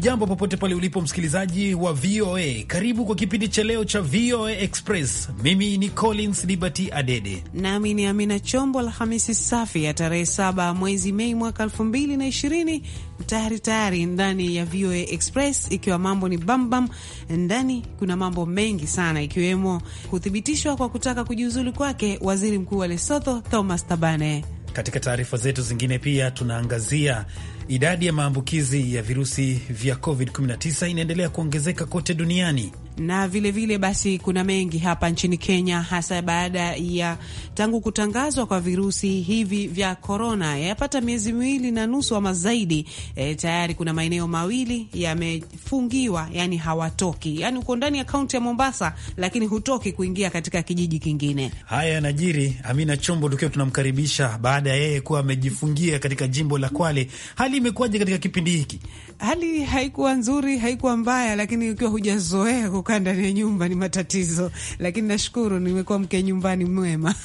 Hujambo popote pale ulipo msikilizaji wa VOA, karibu kwa kipindi cha leo cha VOA Express. Mimi ni Collins Liberty Adede nami ni Amina Chombo. Alhamisi safi ya tarehe saba mwezi Mei mwaka elfu mbili na ishirini tayari tayari ndani ya VOA Express, ikiwa mambo ni bambam bam. Ndani kuna mambo mengi sana, ikiwemo kuthibitishwa kwa kutaka kujiuzulu kwake waziri mkuu wa Lesotho Thomas Tabane. Katika taarifa zetu zingine pia tunaangazia Idadi ya maambukizi ya virusi vya COVID-19 inaendelea kuongezeka kote duniani na vilevile vile basi kuna mengi hapa nchini Kenya, hasa baada ya tangu kutangazwa kwa virusi hivi vya korona yapata miezi miwili na nusu ama zaidi. E, tayari kuna maeneo mawili yamefungiwa, yani hawatoki, yani uko ndani ya kaunti ya Mombasa, lakini hutoki kuingia katika kijiji kingine. Haya yanajiri. Amina Chombo tukiwa tunamkaribisha baada ya yeye kuwa amejifungia katika jimbo la Kwale. Hali imekuwaje katika kipindi hiki? hali haikuwa nzuri, haikuwa mbaya, lakini ukiwa hujazoea kukaa ndani ya nyumba ni matatizo. Lakini nashukuru nimekuwa mke nyumbani mwema.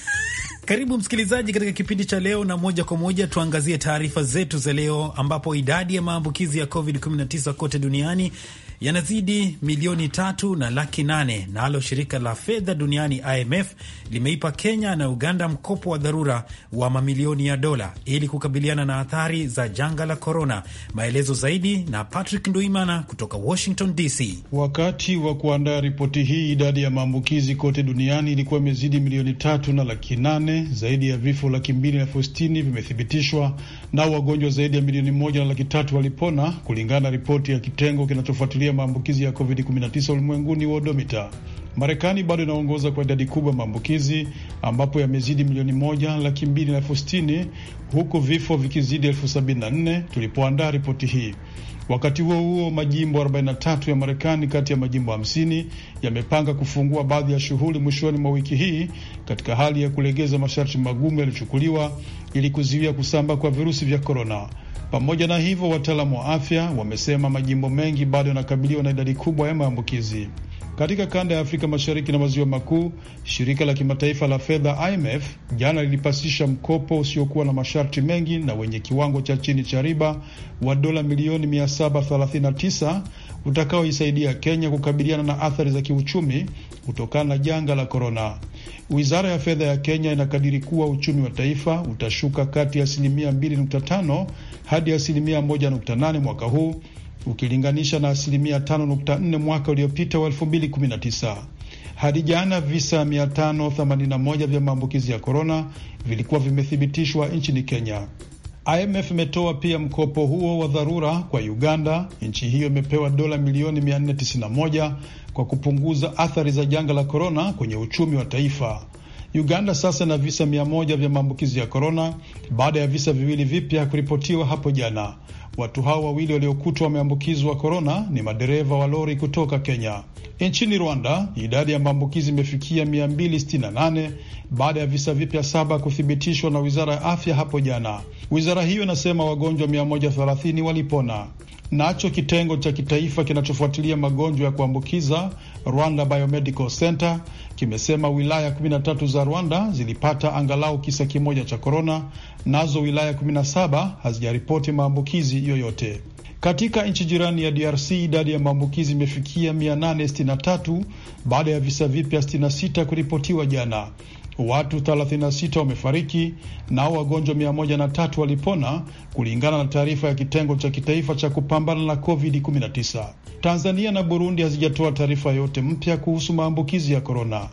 Karibu msikilizaji katika kipindi cha leo, na moja kwa moja tuangazie taarifa zetu za leo, ambapo idadi ya maambukizi ya COVID-19 kote duniani yanazidi milioni tatu na laki nane. Nalo na shirika la fedha duniani IMF limeipa Kenya na Uganda mkopo wa dharura wa mamilioni ya dola ili kukabiliana na athari za janga la korona. Maelezo zaidi na Patrick Nduimana kutoka Washington DC. Wakati wa kuandaa ripoti hii, idadi ya maambukizi kote duniani ilikuwa imezidi milioni tatu na laki nane. Zaidi ya vifo laki mbili na elfu sitini vimethibitishwa nao wagonjwa zaidi ya milioni moja na laki tatu walipona kulingana na ripoti ya kitengo kinachofuatilia kuzuia maambukizi ya COVID-19 ulimwenguni wa odomita, Marekani bado inaongoza kwa idadi kubwa ya maambukizi ambapo yamezidi milioni moja laki mbili na elfu sitini huku vifo vikizidi elfu sabini na nne tulipoandaa ripoti hii. Wakati huo huo, majimbo 43 ya Marekani kati ya majimbo 50 yamepanga kufungua baadhi ya shughuli mwishoni mwa wiki hii katika hali ya kulegeza masharti magumu yaliyochukuliwa ili kuzuia kusamba kwa virusi vya korona. Pamoja na hivyo, wataalamu wa afya wamesema majimbo mengi bado yanakabiliwa na idadi kubwa ya maambukizi. Katika kanda ya Afrika Mashariki na Maziwa Makuu, shirika la kimataifa la fedha IMF jana lilipasisha mkopo usiokuwa na masharti mengi na wenye kiwango cha chini cha riba wa dola milioni 739 utakaoisaidia Kenya kukabiliana na athari za kiuchumi kutokana na janga la korona. Wizara ya fedha ya Kenya inakadiri kuwa uchumi wa taifa utashuka kati ya asilimia 2.5 hadi asilimia 1.8 mwaka huu ukilinganisha na asilimia 5.4 mwaka uliopita wa 2019. Hadi jana visa 581 vya maambukizi ya korona vilikuwa vimethibitishwa nchini Kenya. IMF imetoa pia mkopo huo wa dharura kwa Uganda. Nchi hiyo imepewa dola milioni 491 kwa kupunguza athari za janga la korona kwenye uchumi wa taifa. Uganda sasa na visa mia moja vya maambukizi ya korona baada ya visa viwili vipya kuripotiwa hapo jana. Watu hao wawili waliokutwa wameambukizwa korona ni madereva wa lori kutoka Kenya. Nchini Rwanda, idadi ya maambukizi imefikia 268 baada ya visa vipya saba kuthibitishwa na wizara ya afya hapo jana. Wizara hiyo inasema wagonjwa 130 walipona. Nacho kitengo cha kitaifa kinachofuatilia magonjwa ya kuambukiza Rwanda Biomedical Center kimesema wilaya 13 za Rwanda zilipata angalau kisa kimoja cha korona, nazo wilaya 17 hazijaripoti maambukizi yoyote. Katika nchi jirani ya DRC idadi ya maambukizi imefikia 863 baada ya visa vipya 66 kuripotiwa jana. Watu 36 wamefariki nao wagonjwa 103 walipona kulingana na taarifa ya kitengo cha kitaifa cha kupambana na COVID-19. Tanzania na Burundi hazijatoa taarifa yoyote mpya kuhusu maambukizi ya korona.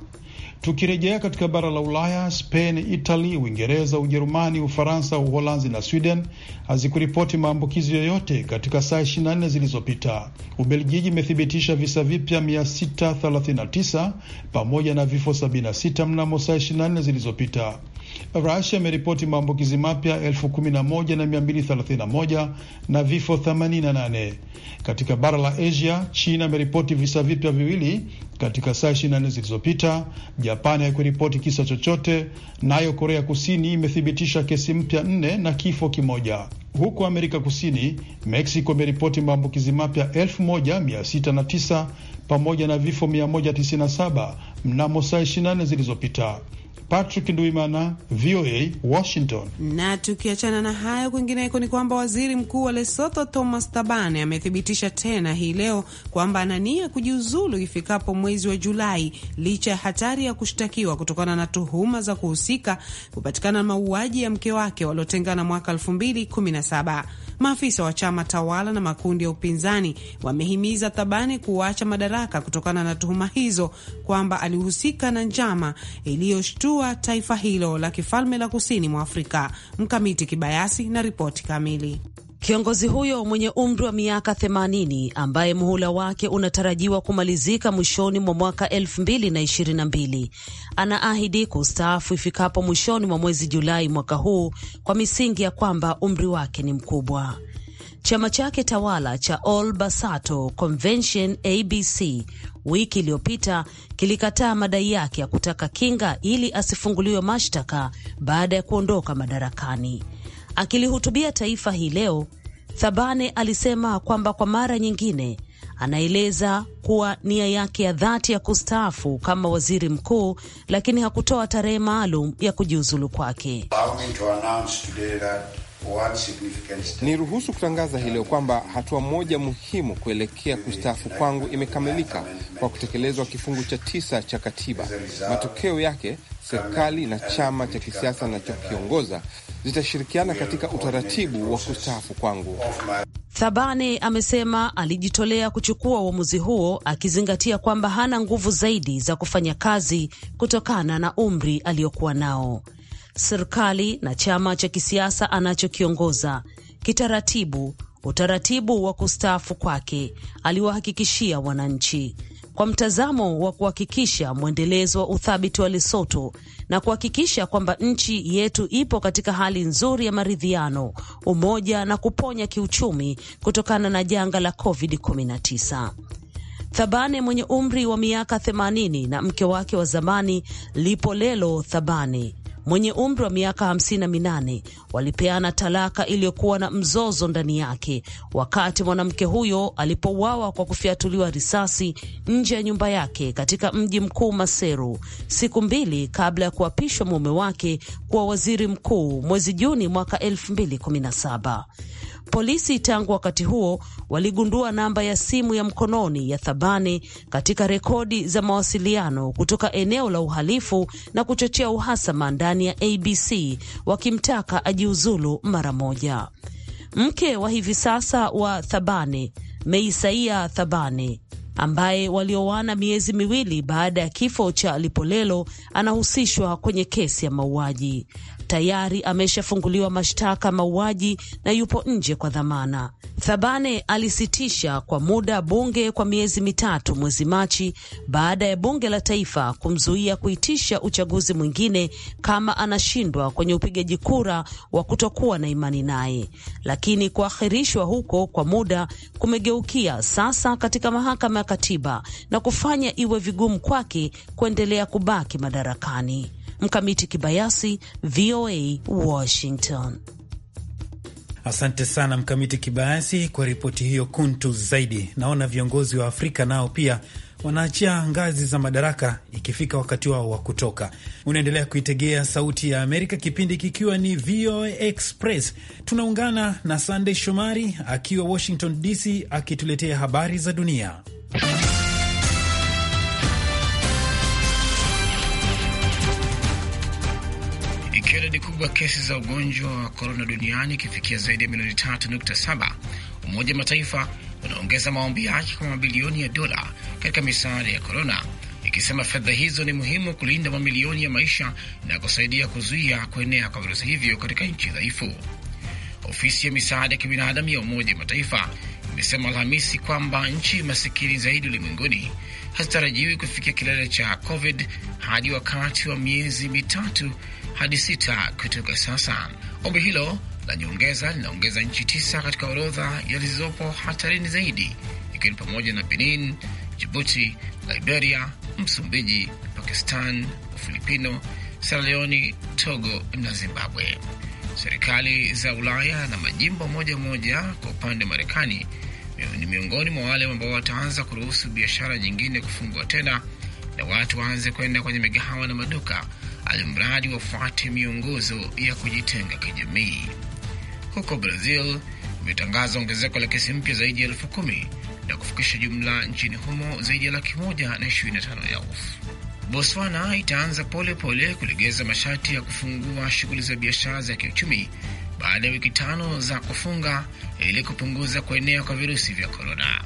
Tukirejea katika bara la Ulaya, Spain, Italy, Uingereza, Ujerumani, Ufaransa, Uholanzi na Sweden hazikuripoti maambukizi yoyote katika saa 24 zilizopita. Ubelgiji imethibitisha visa vipya 639 pamoja na vifo 76 mnamo saa 24 zilizopita rusia imeripoti maambukizi mapya 11,231 na vifo 88. Katika bara la Asia, China imeripoti visa vipya viwili katika saa 24 zilizopita. Japani haikuripoti kisa chochote, nayo Korea Kusini imethibitisha kesi mpya nne na kifo kimoja. Huko Amerika Kusini, Meksiko imeripoti maambukizi mapya 1609 pamoja na vifo 197 mnamo saa 24 zilizopita. Patrick Ndwimana, VOA Washington. Na tukiachana na hayo, kwingineko ni kwamba waziri mkuu wa Lesotho Thomas Tabane amethibitisha tena hii leo kwamba ana nia kujiuzulu ifikapo mwezi wa Julai licha ya hatari ya kushtakiwa kutokana na tuhuma za kuhusika kupatikana na mauaji ya mke wake waliotengana mwaka 217 Maafisa wa chama tawala na makundi ya upinzani wamehimiza Thabane kuacha madaraka kutokana na tuhuma hizo kwamba alihusika na njama iliyoshtua taifa hilo la kifalme la kusini mwa Afrika. Mkamiti Kibayasi na ripoti kamili. Kiongozi huyo mwenye umri wa miaka 80 ambaye muhula wake unatarajiwa kumalizika mwishoni mwa mwaka 2022 anaahidi kustaafu ifikapo mwishoni mwa mwezi Julai mwaka huu kwa misingi ya kwamba umri wake ni mkubwa. Chama chake tawala cha All Basotho Convention ABC wiki iliyopita kilikataa madai yake ya kutaka kinga ili asifunguliwe mashtaka baada ya kuondoka madarakani. Akilihutubia taifa hii leo, Thabane alisema kwamba kwa mara nyingine anaeleza kuwa nia yake ya dhati ya kustaafu kama waziri mkuu, lakini hakutoa tarehe maalum ya kujiuzulu kwake ni ruhusu kutangaza hii leo kwamba hatua moja muhimu kuelekea kustaafu kwangu imekamilika kwa kutekelezwa kifungu cha tisa cha katiba. Matokeo yake, serikali na chama cha kisiasa nachokiongoza zitashirikiana katika utaratibu wa kustaafu kwangu. Thabane amesema alijitolea kuchukua uamuzi huo akizingatia kwamba hana nguvu zaidi za kufanya kazi kutokana na umri aliyokuwa nao serikali na chama cha kisiasa anachokiongoza kitaratibu utaratibu wa kustaafu kwake, aliwahakikishia wananchi kwa mtazamo wa kuhakikisha mwendelezo wa uthabiti wa Lesoto na kuhakikisha kwamba nchi yetu ipo katika hali nzuri ya maridhiano, umoja na kuponya kiuchumi kutokana na janga la COVID-19. Thabane mwenye umri wa miaka 80 na mke wake wa zamani Lipolelo Thabane mwenye umri wa miaka hamsini na minane walipeana talaka iliyokuwa na mzozo ndani yake wakati mwanamke huyo alipouawa kwa kufyatuliwa risasi nje ya nyumba yake katika mji mkuu Maseru siku mbili kabla ya kuapishwa mume wake kuwa waziri mkuu mwezi Juni mwaka 2017. Polisi tangu wakati huo waligundua namba ya simu ya mkononi ya Thabane katika rekodi za mawasiliano kutoka eneo la uhalifu na kuchochea uhasama ndani ya ABC wakimtaka ajiuzulu mara moja. Mke wa hivi sasa wa Thabane, Meisaia Thabane ambaye walioana miezi miwili baada ya kifo cha Lipolelo anahusishwa kwenye kesi ya mauaji tayari ameshafunguliwa mashtaka mauaji na yupo nje kwa dhamana. Thabane alisitisha kwa muda bunge kwa miezi mitatu mwezi Machi baada ya bunge la taifa kumzuia kuitisha uchaguzi mwingine kama anashindwa kwenye upigaji kura wa kutokuwa na imani naye. Lakini kuahirishwa huko kwa muda kumegeukia sasa katika mahakama ya katiba na kufanya iwe vigumu kwake kuendelea kubaki madarakani. Mkamiti Kibayasi, VOA Washington. Asante sana Mkamiti Kibayasi kwa ripoti hiyo kuntu zaidi. Naona viongozi wa Afrika nao pia wanaachia ngazi za madaraka ikifika wakati wao wa kutoka. Unaendelea kuitegea Sauti ya Amerika, kipindi kikiwa ni VOA Express. Tunaungana na Sandey Shomari akiwa Washington DC akituletea habari za dunia. idadi kubwa kesi za ugonjwa wa korona duniani ikifikia zaidi ya milioni 3.7, Umoja Mataifa unaongeza maombi yake kwa mabilioni ya dola katika misaada ya korona, ikisema fedha hizo ni muhimu kulinda mamilioni ya maisha na kusaidia kuzuia kuenea kwa virusi hivyo katika nchi dhaifu. Ofisi ya misaada ya kibinadamu ya Umoja Mataifa imesema Alhamisi kwamba nchi masikini zaidi ulimwenguni hazitarajiwi kufikia kilele cha COVID hadi wakati wa miezi mitatu hadi sita kutoka sasa. Ombi hilo la nyongeza linaongeza nchi tisa katika orodha ya zilizopo hatarini zaidi, ikiwa ni pamoja na Benin, Jibuti, Liberia, Msumbiji, Pakistan, Ufilipino, Sierra Leone, Togo na Zimbabwe. Serikali za Ulaya na majimbo moja moja kwa upande wa Marekani ni miongoni mwa wale ambao wataanza kuruhusu biashara nyingine kufungwa tena na watu waanze kwenda kwenye migahawa na maduka alimradi wafuate miongozo ya kujitenga kijamii. Huko Brazil imetangaza ongezeko la kesi mpya zaidi ya elfu kumi na kufikisha jumla nchini humo zaidi ya laki moja na ishirini na tano elfu. Botswana itaanza pole pole kulegeza masharti ya kufungua shughuli za biashara za kiuchumi baada ya wiki tano za kufunga ili kupunguza kuenea kwa virusi vya korona.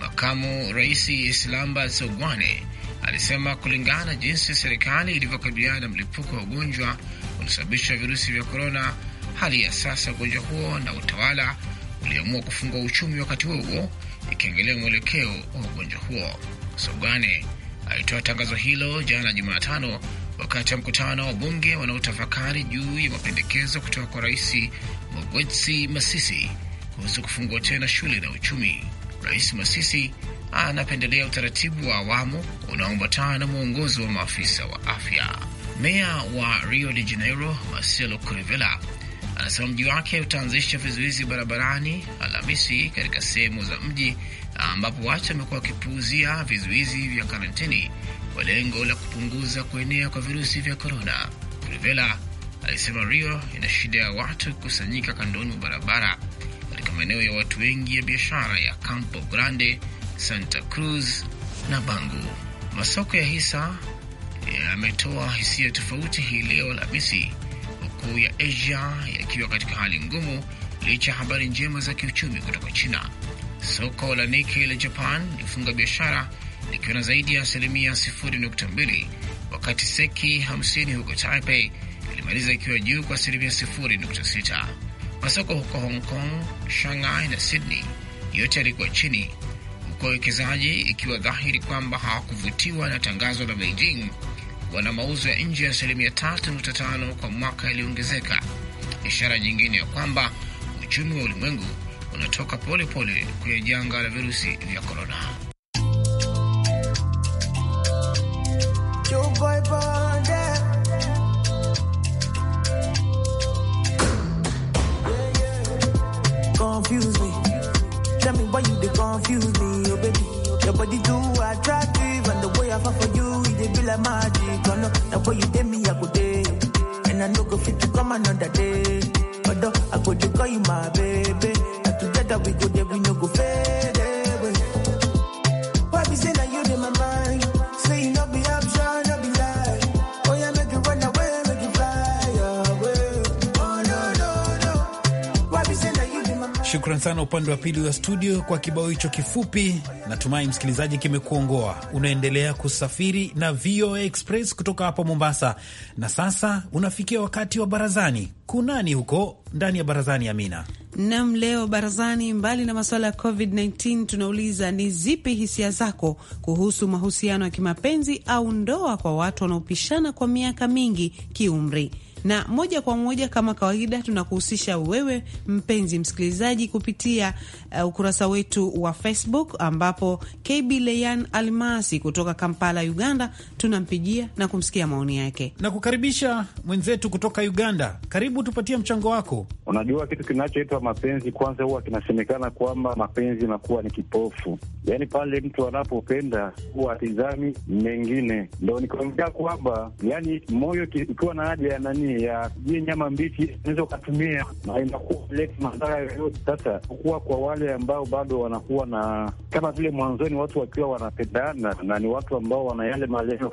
Makamu Rais Slamba Sogwane alisema kulingana na jinsi serikali ilivyokabiliana na mlipuko wa ugonjwa ulisababisha virusi vya korona, hali ya sasa ugonjwa huo na utawala uliamua kufungua uchumi wakati huo huo, ikiangalia mwelekeo wa ugonjwa huo. Sogane alitoa tangazo hilo jana Jumatano wakati wa mkutano wa bunge wanaotafakari juu ya mapendekezo kutoka kwa Rais magwetsi Masisi kuhusu kufungua tena shule na uchumi. Rais Masisi anapendelea utaratibu wa awamu unaoambatana na mwongozo wa maafisa wa afya. Meya wa Rio de Janeiro Marcelo Crivella anasema mji wake utaanzisha vizuizi barabarani Alhamisi katika sehemu za mji ambapo watu wamekuwa wakipuuzia vizuizi vya karantini kwa lengo la kupunguza kuenea kwa virusi vya korona. Crivella alisema Rio ina shida ya watu kukusanyika kandoni mwa barabara katika maeneo ya watu wengi ya biashara ya Campo Grande Santa Cruz na Bangu. Masoko ya hisa eh, yametoa hisia tofauti hii leo Alhamisi, huku ya Asia yakiwa katika hali ngumu licha ya habari njema za kiuchumi kutoka China. Soko la Nikkei la Japan lifunga biashara likiwa na zaidi ya asilimia 0.2, wakati Seki 50 huko Taipei ilimaliza ikiwa juu kwa asilimia 0.6. Masoko huko Hong Kong, Shanghai na Sydney yote yalikuwa chini kwa wawekezaji, ikiwa dhahiri kwamba hawakuvutiwa na tangazo la Beijing, wana mauzo ya nje ya asilimia 3.5 kwa mwaka yaliyoongezeka, ishara nyingine ya kwamba uchumi wa ulimwengu unatoka polepole kwenye janga la virusi vya korona. Your body too attractive, and the way I fall for you, it be like magic. Oh no, the way you take me, I go day, and I know go fit to come another day. But I go to call you my baby, and together we go there, we no go fail. Shukran sana upande wa pili wa studio kwa kibao hicho kifupi. Natumai msikilizaji kimekuongoa. Unaendelea kusafiri na VOA Express kutoka hapa Mombasa, na sasa unafikia wakati wa barazani. Kunani huko ndani ya barazani, Amina? Nam, leo barazani, mbali na masuala ya COVID-19, tunauliza ni zipi hisia zako kuhusu mahusiano ya kimapenzi au ndoa kwa watu wanaopishana kwa miaka mingi kiumri na moja kwa moja kama kawaida tunakuhusisha wewe mpenzi msikilizaji kupitia uh, ukurasa wetu wa Facebook ambapo KB Leyan Almasi kutoka Kampala, Uganda, tunampigia na kumsikia maoni yake na kukaribisha mwenzetu kutoka Uganda. Karibu, tupatie mchango wako. Unajua, kitu kinachoitwa mapenzi kwanza, huwa kinasemekana kwamba mapenzi inakuwa ni kipofu, yaani pale mtu anapopenda huwa atizami mengine, ndo nikaongea kwamba yani moyo ikiwa na haja ya nani nini ya jie nyama mbichi unaweza ukatumia na inakuwa leti madhara yoyote. Sasa kuwa kwa wale ambao bado wanakuwa na kama vile mwanzoni, watu wakiwa wanapendana na ni watu ambao wana yale malengo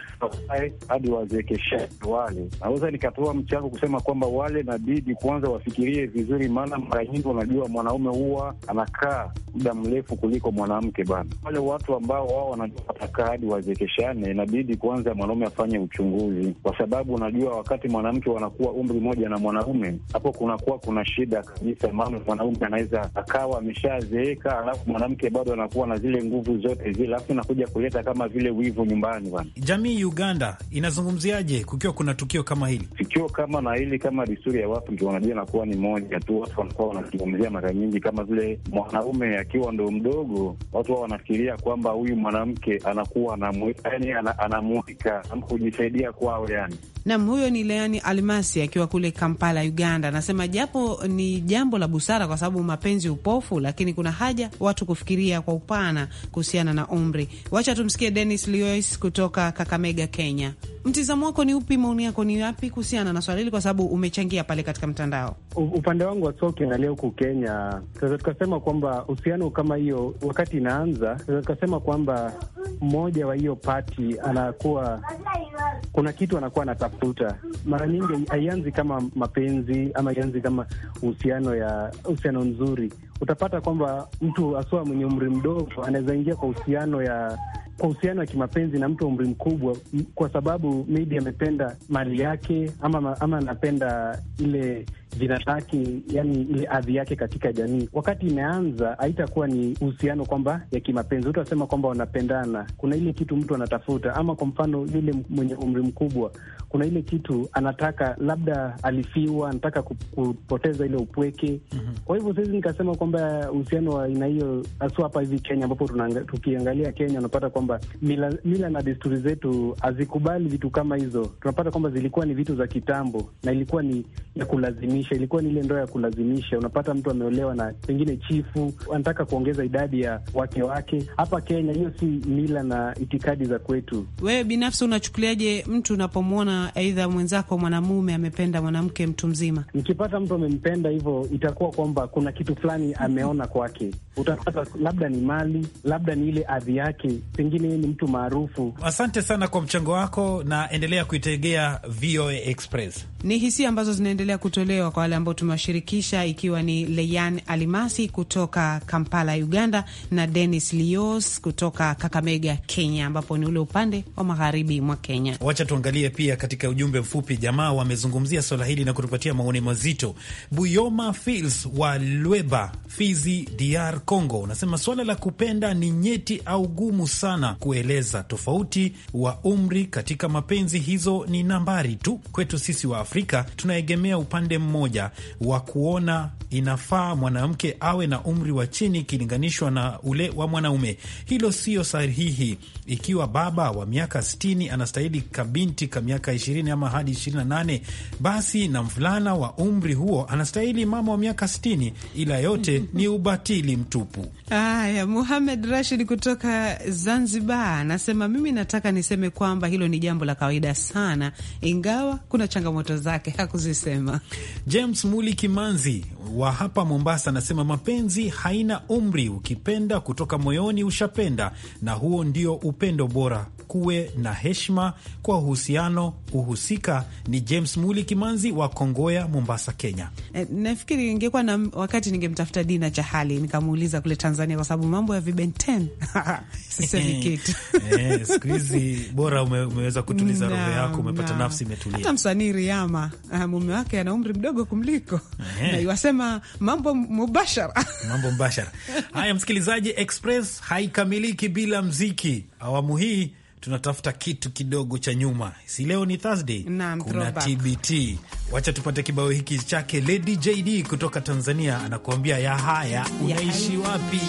hadi wazekesha wale, naweza nikatoa mchango kusema kwamba wale nabidi kwanza wafikirie vizuri, maana mara nyingi unajua mwanaume huwa anakaa muda mrefu kuliko mwanamke bana. Wale watu ambao wao wanajua watakaa hadi wazekeshane inabidi kwanza mwanaume afanye uchunguzi, kwa sababu unajua wakati mwanamke wana unakuwa umri moja na mwanaume, hapo kunakuwa kuna shida kabisa, maana mwanaume anaweza akawa ameshazeeka, alafu mwanamke bado anakuwa na zile nguvu zote zile, alafu inakuja kuleta kama vile wivu nyumbani bwana. Jamii Uganda inazungumziaje kukiwa kuna tukio kama hili? Tukio kama na hili, kama desturi ya watu ndio wanajua, inakuwa ni moja tu, watu wanakuwa wanazungumzia mara nyingi, kama vile mwanaume akiwa ndo mdogo, watu wao wanafikiria kwamba huyu mwanamke anakuwa anamwika, yani anamwika kujisaidia kwao, yani nam. Huyo ni Leani Alma Nyamwasi akiwa kule Kampala, Uganda, anasema japo ni jambo la busara kwa sababu mapenzi upofu, lakini kuna haja watu kufikiria kwa upana kuhusiana na umri. Wacha tumsikie Dennis Lewis kutoka Kakamega, Kenya mtizamo wako ni upi? Maoni yako ni yapi kuhusiana na swala hili, kwa sababu umechangia pale katika mtandao? Upande wangu wa soka, ukiangalia huku Kenya sasa, tukasema kwamba uhusiano kama hiyo wakati inaanza sasa, tukasema kwamba mmoja wa hiyo pati anakuwa kuna kitu anakuwa anatafuta. Mara nyingi haianzi kama mapenzi ama haianzi kama uhusiano ya uhusiano nzuri. Utapata kwamba mtu haswa mwenye umri mdogo anaweza ingia kwa uhusiano ya kwa uhusiano wa kimapenzi na mtu wa umri mkubwa, kwa sababu maybe amependa mali yake ama ama anapenda ile vinataki yani ile adhi yake katika jamii. Wakati imeanza haitakuwa ni uhusiano kwamba ya kimapenzi, utasema kwamba wanapendana. Kuna ile kitu mtu anatafuta, ama kwa mfano yule mwenye umri mkubwa, kuna ile kitu anataka, labda alifiwa, anataka kupoteza ile upweke. mm -hmm. Kwa hivyo siwezi nikasema kwamba uhusiano wa aina hiyo, haswa hapa hivi Kenya, ambapo tukiangalia Kenya unapata kwamba mila, mila na desturi zetu hazikubali vitu kama hizo. Tunapata kwamba zilikuwa ni vitu za kitambo na ilikuwa ni ya kulazimia kulazimisha, ilikuwa ni ile ndoa ya kulazimisha. Unapata mtu ameolewa na pengine chifu, anataka kuongeza idadi ya wake wake. Hapa Kenya hiyo si mila na itikadi za kwetu. Wewe binafsi unachukuliaje mtu unapomwona aidha mwenzako mwanamume amependa mwanamke mtu mzima? Nikipata mtu amempenda hivyo, itakuwa kwamba kuna kitu fulani ameona kwake. Utapata labda ni mali, labda ni ile adhi yake, pengine ni mtu maarufu. Asante sana kwa mchango wako na endelea kuitegea VOA Express. Ni hisia ambazo zinaendelea kutolewa kwa wale ambao tumewashirikisha, ikiwa ni Leyan Alimasi kutoka Kampala, Uganda, na Denis Lios kutoka Kakamega, Kenya, ambapo ni ule upande wa magharibi mwa Kenya. Wacha tuangalie pia katika ujumbe mfupi, jamaa wamezungumzia swala hili na kutupatia maoni mazito. Buyoma Fils wa Lweba, Fizi, DR Congo, unasema swala la kupenda ni nyeti au gumu sana kueleza. Tofauti wa umri katika mapenzi hizo ni nambari tu, kwetu sisi wa Afrika tunaegemea upande mmoja wa kuona inafaa mwanamke awe na umri wa chini ikilinganishwa na ule wa mwanaume. Hilo sio sahihi. Ikiwa baba wa miaka 60 anastahili kabinti ka miaka 20 ama hadi 28, basi na mvulana wa umri huo anastahili mama wa miaka 60, ila yote ni ubatili mtupu. aya Muhamed Rashid kutoka Zanzibar anasema mimi nataka niseme kwamba hilo ni jambo la kawaida sana, ingawa kuna changamoto zake hakuzisema. James Muli Kimanzi wa hapa Mombasa anasema mapenzi haina umri, ukipenda kutoka moyoni ushapenda, na huo ndio upendo bora kuwe na heshima kwa uhusiano uhusika. Ni James Muli Kimanzi wa Kongoya, Mombasa, Kenya. E, nafikiri ingekuwa na wakati ningemtafuta Dina Chahali nikamuuliza kule Tanzania, kwa sababu mambo ya vibenten sisemi kitu e, siku hizi bora ume, umeweza kutuliza roho yako, umepata na nafsi imetulia. Hata msanii Riama eh, mume wake ana umri mdogo kumliko e, na iwasema mambo mubashara mambo mbashara. Haya msikilizaji, Express haikamiliki bila mziki. Awamu hii tunatafuta kitu kidogo cha nyuma, si leo ni Thursday kuna TBT. Wacha tupate kibao hiki chake Lady JD kutoka Tanzania, anakuambia ya haya, unaishi wapi?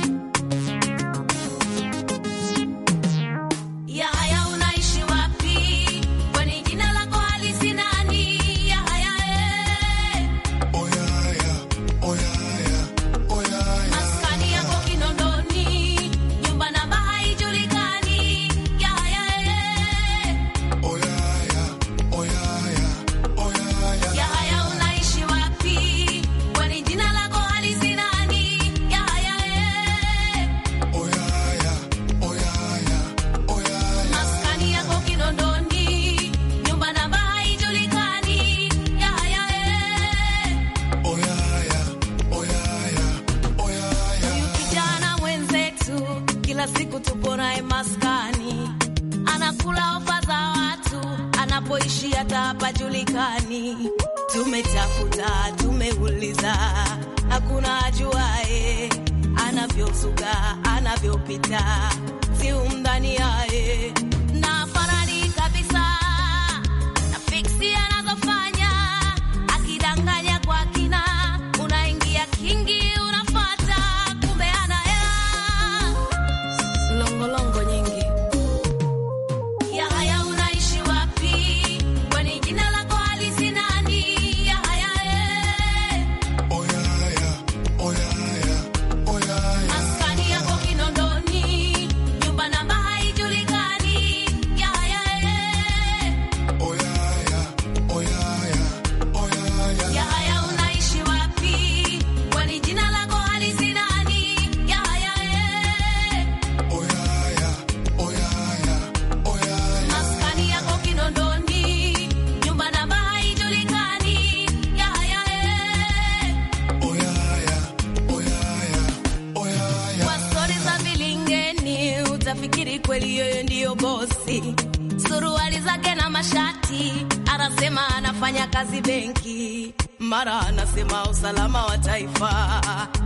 barabara, anasema usalama wa taifa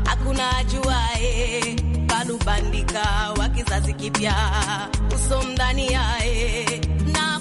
hakuna ajuae, balubandika wa kizazi kipya usomdhani yae na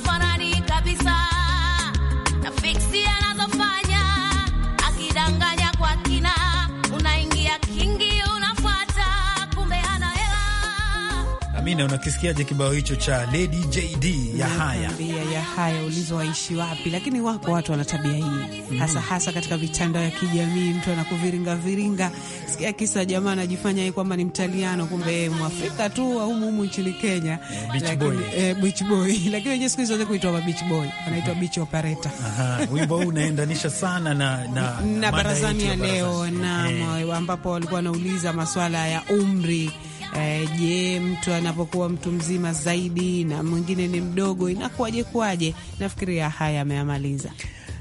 Amina, unakisikiaje kibao hicho cha Lady JD ya haya ya haya Ulizo waishi wapi? Lakini wako watu wana tabia hii mm-hmm. hasa hasa katika mitandao ya kijamii, mtu anakuviringa viringa. Sikia kisa jamaa anajifanya yeye kwamba ni Mtaliano, kumbe yeye Mwafrika tu au humu nchini Kenya, eh, eh, beach boy, beach boy. Lakini wenyewe siku hizo kuitwa beach boy, anaitwa beach operator. Aha, wimbo huu unaendanisha sana na na na barazani ya leo, na eh. ambapo walikuwa wanauliza maswala ya umri E, je, mtu anapokuwa mtu mzima zaidi na mwingine ni mdogo inakuwaje kwaje? Nafikiria haya ameyamaliza.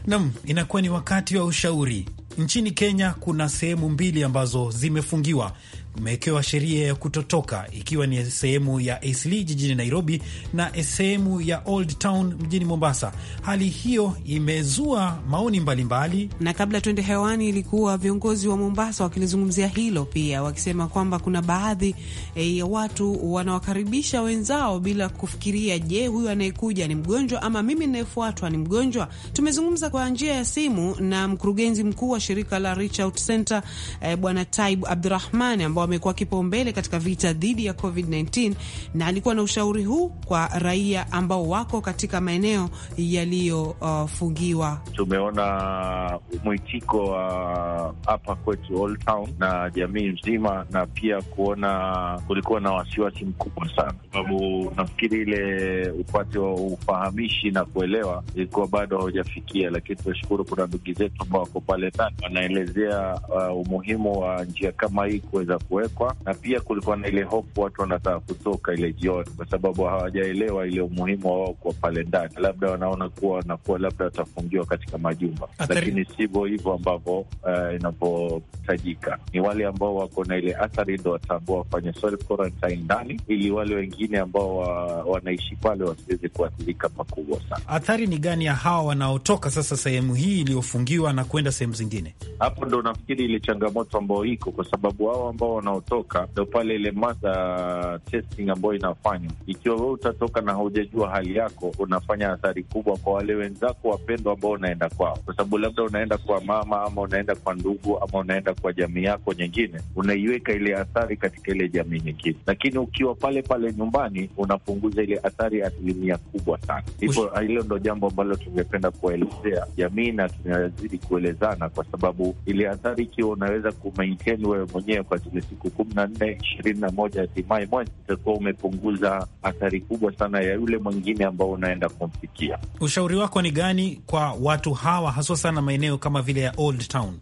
Naam, inakuwa ni wakati wa ushauri. Nchini Kenya kuna sehemu mbili ambazo zimefungiwa umewekewa sheria ya kutotoka ikiwa ni sehemu ya Eastleigh jijini Nairobi na sehemu ya Old Town mjini Mombasa. Hali hiyo imezua maoni mbalimbali mbali. Na kabla tuende hewani, ilikuwa viongozi wa Mombasa wakilizungumzia hilo pia, wakisema kwamba kuna baadhi eh, ya watu wanawakaribisha wenzao bila kufikiria, je, huyu anayekuja ni mgonjwa ama mimi ninayefuatwa ni mgonjwa? Tumezungumza kwa njia ya simu na mkurugenzi mkuu wa shirika la Reach Out Center eh, Bwana Taib Abdurahman ambao kwamba wamekuwa kipaumbele katika vita dhidi ya COVID-19, na alikuwa na ushauri huu kwa raia ambao wako katika maeneo yaliyofungiwa. Uh, tumeona mwitiko wa hapa kwetu Old Town na jamii nzima, na pia kuona kulikuwa na wasiwasi mkubwa sana, sababu nafikiri ile upate wa ufahamishi na kuelewa ilikuwa bado haujafikia, lakini tunashukuru kuna ndugu zetu ambao wako pale ndani wanaelezea uh, umuhimu wa njia kama hii kuweza kuwekwa, na pia kulikuwa na ile hofu watu wanataka kutoka ile jioni, kwa sababu hawajaelewa ile umuhimu wa wao kuwa pale ndani, labda wanaona kuwa wanakuwa labda watafungiwa katika majumba, lakini sivyo hivyo ambavyo uh, inavyotajika. Ni wale ambao wako na ile athari ndo watambua wafanye self quarantine ndani, ili wale wengine ambao wa, wanaishi pale wasiweze kuathirika pakubwa sana. Athari ni gani ya hawa wanaotoka sasa sehemu hii iliyofungiwa na kwenda sehemu zingine? Hapo ndo nafikiri ile changamoto ambayo iko, kwa sababu hao ambao unaotoka ndo pale ile mada testing ambayo inafanywa. Ikiwa wewe utatoka na haujajua hali yako, unafanya athari kubwa kwa wale wenzako wapendwa ambao unaenda kwao, kwa sababu labda unaenda kwa mama ama unaenda kwa ndugu ama unaenda kwa jamii yako nyingine, unaiweka ile athari katika ile jamii nyingine. Lakini ukiwa pale pale nyumbani, unapunguza ile athari asilimia kubwa sana. Hivyo hilo ndo jambo ambalo tungependa kuwaelezea jamii na tunazidi kuelezana, kwa sababu ile athari ikiwa unaweza kumaintain wewe mwenyewe kwa zile siku kumi na nne ishirini na moja hatimaye mwezi utakuwa umepunguza athari kubwa sana ya yule mwingine ambao unaenda kumfikia. Ushauri wako ni gani kwa watu hawa haswa sana maeneo kama vile ya Old Town?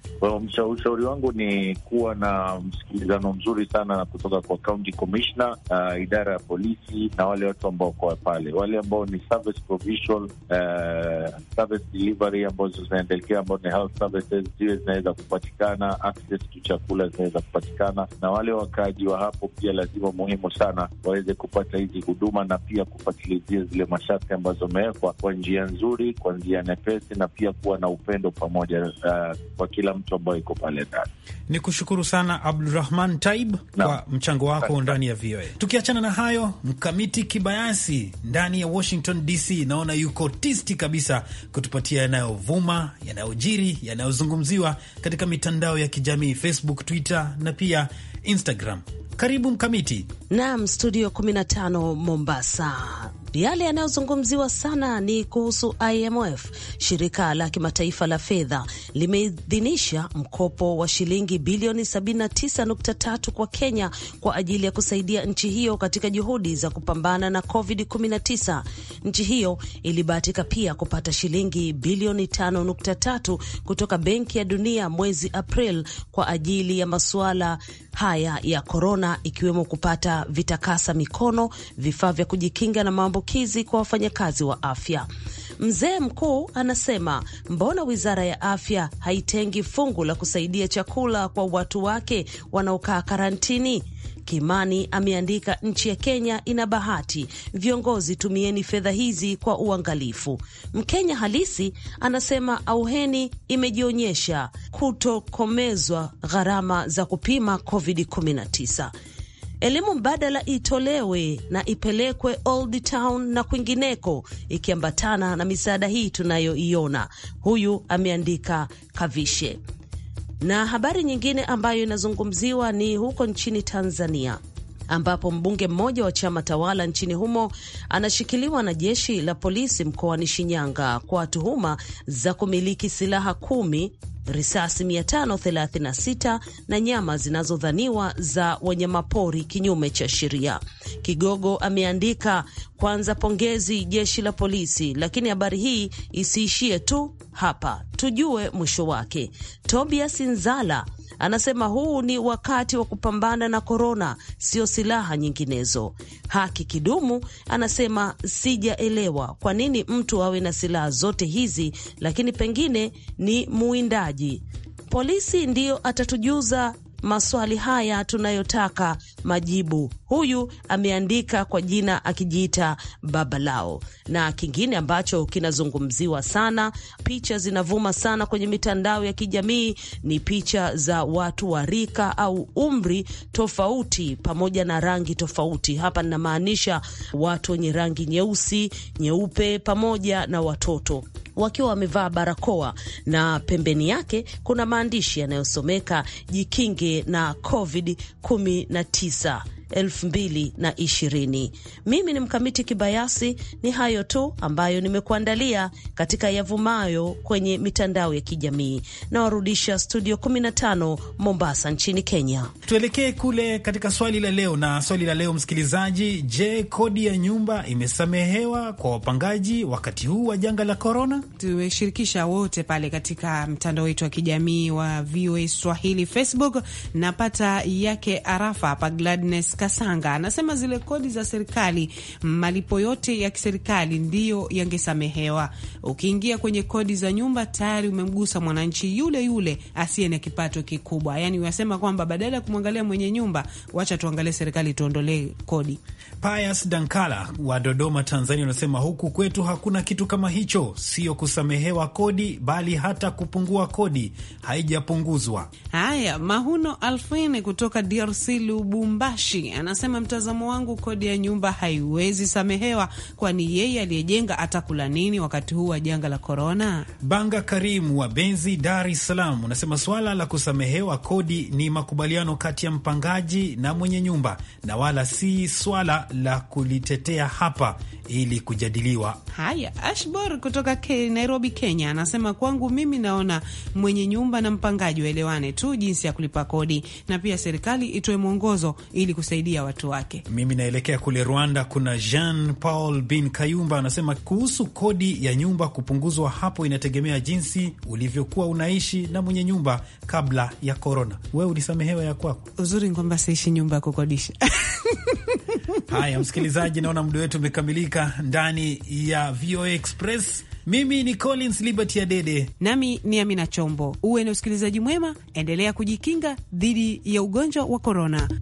ushauri wangu ni kuwa na msikilizano mzuri sana kutoka kwa county commissioner, uh, idara ya polisi na wale watu ambao wako pale wale ambao ni service provision, uh, service delivery ambazo zinaendelea ambao ni health services, ziwe zinaweza kupatikana, access to chakula zinaweza kupatikana na wale wakaaji wa hapo pia lazima muhimu sana waweze kupata hizi huduma na pia kufatilizia zile masharti ambazo amewekwa kwa njia nzuri, kwa njia nepesi na pia kuwa na upendo pamoja uh, kwa kila mtu ambayo iko pale ndani. Ni kushukuru sana Abdurahman Taib na kwa mchango wako ndani ya VOA. Tukiachana na hayo, Mkamiti Kibayasi ndani ya Washington DC naona yuko tisti kabisa kutupatia yanayovuma, yanayojiri, yanayozungumziwa katika mitandao ya kijamii, Facebook, Twitter na pia Instagram Karibu Mkamiti. Naam, studio 15 Mombasa. Yale yanayozungumziwa sana ni kuhusu IMF. Shirika la kimataifa la fedha limeidhinisha mkopo wa shilingi bilioni 79.3 kwa Kenya kwa ajili ya kusaidia nchi hiyo katika juhudi za kupambana na COVID-19. Nchi hiyo ilibahatika pia kupata shilingi bilioni 5.3 kutoka Benki ya Dunia mwezi April kwa ajili ya masuala haya ya korona ikiwemo kupata vitakasa mikono, vifaa vya kujikinga na maambukizi kwa wafanyakazi wa afya. Mzee mkuu anasema mbona wizara ya afya haitengi fungu la kusaidia chakula kwa watu wake wanaokaa karantini? Kimani ameandika, nchi ya Kenya ina bahati, viongozi tumieni fedha hizi kwa uangalifu. Mkenya halisi anasema auheni imejionyesha kutokomezwa gharama za kupima COVID-19. Elimu mbadala itolewe na ipelekwe Old Town na kwingineko, ikiambatana na misaada hii tunayoiona. Huyu ameandika Kavishe. Na habari nyingine ambayo inazungumziwa ni huko nchini Tanzania ambapo mbunge mmoja wa chama tawala nchini humo anashikiliwa na jeshi la polisi mkoani Shinyanga kwa tuhuma za kumiliki silaha kumi, risasi 536 na nyama zinazodhaniwa za wanyamapori kinyume cha sheria. Kigogo ameandika kwanza pongezi jeshi la polisi, lakini habari hii isiishie tu hapa, tujue mwisho wake. Tobias Nzala anasema huu ni wakati wa kupambana na korona, sio silaha nyinginezo. Haki Kidumu anasema sijaelewa kwa nini mtu awe na silaha zote hizi, lakini pengine ni muwindaji. Polisi ndiyo atatujuza maswali haya tunayotaka majibu. Huyu ameandika kwa jina akijiita Babalao. Na kingine ambacho kinazungumziwa sana, picha zinavuma sana kwenye mitandao ya kijamii ni picha za watu wa rika au umri tofauti pamoja na rangi tofauti. Hapa ninamaanisha watu wenye rangi nyeusi, nyeupe pamoja na watoto wakiwa wamevaa barakoa na pembeni yake kuna maandishi yanayosomeka jikinge na COVID 19. 2020. Mimi ni Mkamiti Kibayasi, ni hayo tu ambayo nimekuandalia katika yavumayo kwenye mitandao ya kijamii. Nawarudisha studio 15 Mombasa nchini Kenya. Tuelekee kule katika swali la leo, na swali la leo msikilizaji, je, kodi ya nyumba imesamehewa kwa wapangaji wakati huu wa janga la korona? tumeshirikisha wote pale katika mtandao wetu wa kijamii wa VOA Swahili Facebook. Napata yake arafa hapa Gladness Kasanga anasema zile kodi za serikali, malipo yote ya kiserikali ndiyo yangesamehewa. Ukiingia kwenye kodi za nyumba tayari umemgusa mwananchi yule yule asiye na kipato kikubwa. Yani unasema kwamba badala ya kumwangalia mwenye nyumba, wacha tuangalie serikali, tuondolee kodi. Pius Dankala wa Dodoma, Tanzania anasema huku kwetu hakuna kitu kama hicho, sio kusamehewa kodi, bali hata kupungua kodi haijapunguzwa. Haya, Mahuno Alfine kutoka DRC Lubumbashi anasema mtazamo wangu, kodi ya nyumba haiwezi samehewa, kwani yeye aliyejenga atakula nini wakati huu wa janga la korona? Banga Karimu wa Benzi, Dar es Salaam, unasema swala la kusamehewa kodi ni makubaliano kati ya mpangaji na mwenye nyumba na wala si swala la kulitetea hapa ili kujadiliwa. Haya, Ashbor kutoka Nairobi, Kenya, anasema kwangu mimi naona mwenye nyumba na mpangaji waelewane tu jinsi ya kulipa kodi, na pia serikali itoe mwongozo ili kusaidia kusaidia watu wake. Mimi naelekea kule Rwanda. Kuna Jean Paul Bin Kayumba anasema kuhusu kodi ya nyumba kupunguzwa, hapo inategemea jinsi ulivyokuwa unaishi na mwenye nyumba kabla ya korona. Wewe ulisamehewa ya kwako? Uzuri ni kwamba siishi nyumba ya kukodisha. Haya msikilizaji, naona muda wetu umekamilika ndani ya VOA Express. Mimi ni Collins Liberty Adede, nami ni Amina Chombo. Uwe na usikilizaji mwema, endelea kujikinga dhidi ya ugonjwa wa korona.